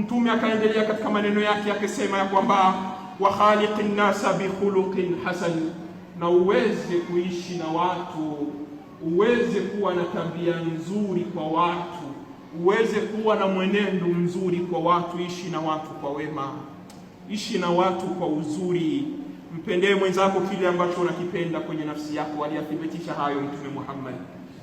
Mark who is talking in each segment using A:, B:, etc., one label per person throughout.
A: Mtume akaendelea katika maneno yake akisema ya kwamba wa khaliqi nnasa bi khuluqin hasan, na uweze kuishi na watu, uweze kuwa na tabia nzuri kwa watu, uweze kuwa na mwenendo mzuri kwa watu. Ishi na watu kwa wema, ishi na watu kwa uzuri, mpendee mwenzako kile ambacho unakipenda kwenye nafsi yako. Aliyathibitisha hayo Mtume Muhammad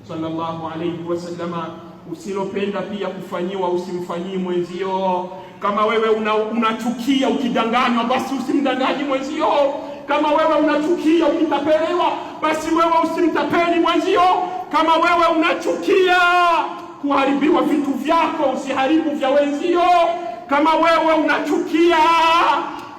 A: sallallahu alayhi wasallama usilopenda pia kufanyiwa usimfanyii mwenzio. Kama wewe unachukia una ukidanganywa, basi usimdanganyi mwenzio. Kama wewe unachukia ukitapeliwa, basi wewe usimtapeli mwenzio. Kama wewe unachukia kuharibiwa vitu vyako, usiharibu vya wenzio. Kama wewe unachukia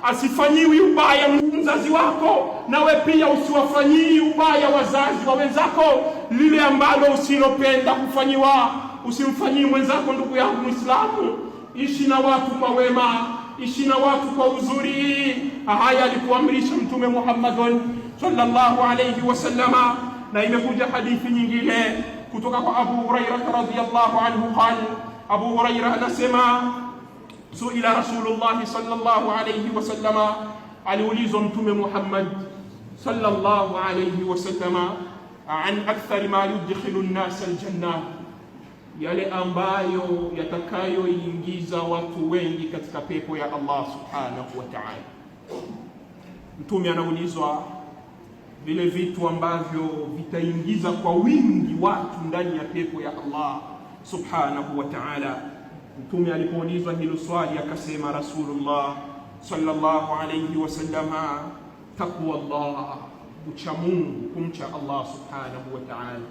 A: asifanyiwi ubaya mzazi wako, nawe pia usiwafanyii ubaya wazazi wa wenzako. Lile ambalo usilopenda kufanyiwa usimfanyii mwenzako. Ndugu yangu Mwislamu, ishi na watu kwa wema, ishi na watu kwa uzuri. Haya alikuamrisha Mtume Muhammadun sallallahu alayhi wasallama. Na imekuja hadithi nyingine kutoka kwa Abu Hurairah radhiyallahu anhu, qala Abu Hurairah anasema Suila Rasulullahi sallallahu alayhi wasallama, aliulizwa Mtume Muhammad sallallahu alayhi wasallama an akthari ma yudkhilu nnasa aljanna, yale ambayo yatakayoingiza watu wengi katika pepo ya Allah subhanahu wa ta'ala. Mtume anaulizwa vile vitu ambavyo vitaingiza kwa wingi watu ndani ya pepo ya Allah subhanahu wa ta'ala. Mtume alipoulizwa hilo swali akasema, Rasulullah sallallahu alayhi wasallama, taqwa Allah, ucha Mungu, kumcha Allah subhanahu wa ta'ala.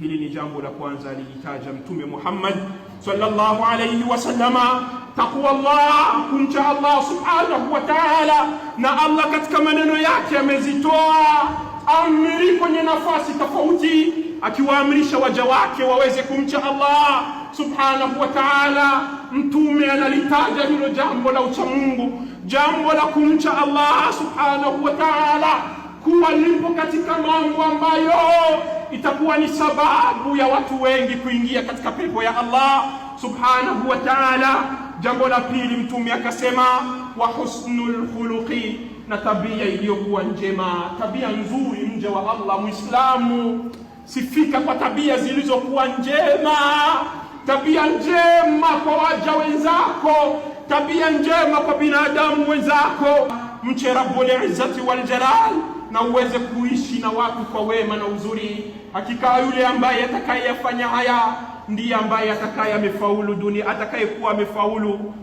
A: Hili ni jambo la kwanza alilitaja Mtume Muhammad sallallahu alayhi wasallama, taqwa Allah, kumcha Allah subhanahu wa ta'ala. Na Allah katika maneno yake amezitoa amri kwenye nafasi tofauti, akiwaamrisha waja wake waweze kumcha Allah subhanahu wa ta'ala. Mtume analitaja hilo jambo la uchamungu, jambo la kumcha Allah subhanahu wa ta'ala, kuwa lipo katika mambo ambayo itakuwa ni sababu ya watu wengi kuingia katika pepo ya Allah subhanahu wa ta'ala. Jambo la pili, mtume akasema wa husnul khuluqi, na tabia iliyokuwa njema, tabia nzuri. Mja wa Allah Muislamu, sifika kwa tabia zilizokuwa njema tabia njema kwa waja wenzako, tabia njema kwa binadamu wenzako. Mche Rabbul Izzati wal Jalal na uweze kuishi na watu kwa wema na uzuri. Hakika yule ambaye atakayeyafanya haya ndiye ambaye atakaye amefaulu dunia, atakayekuwa amefaulu.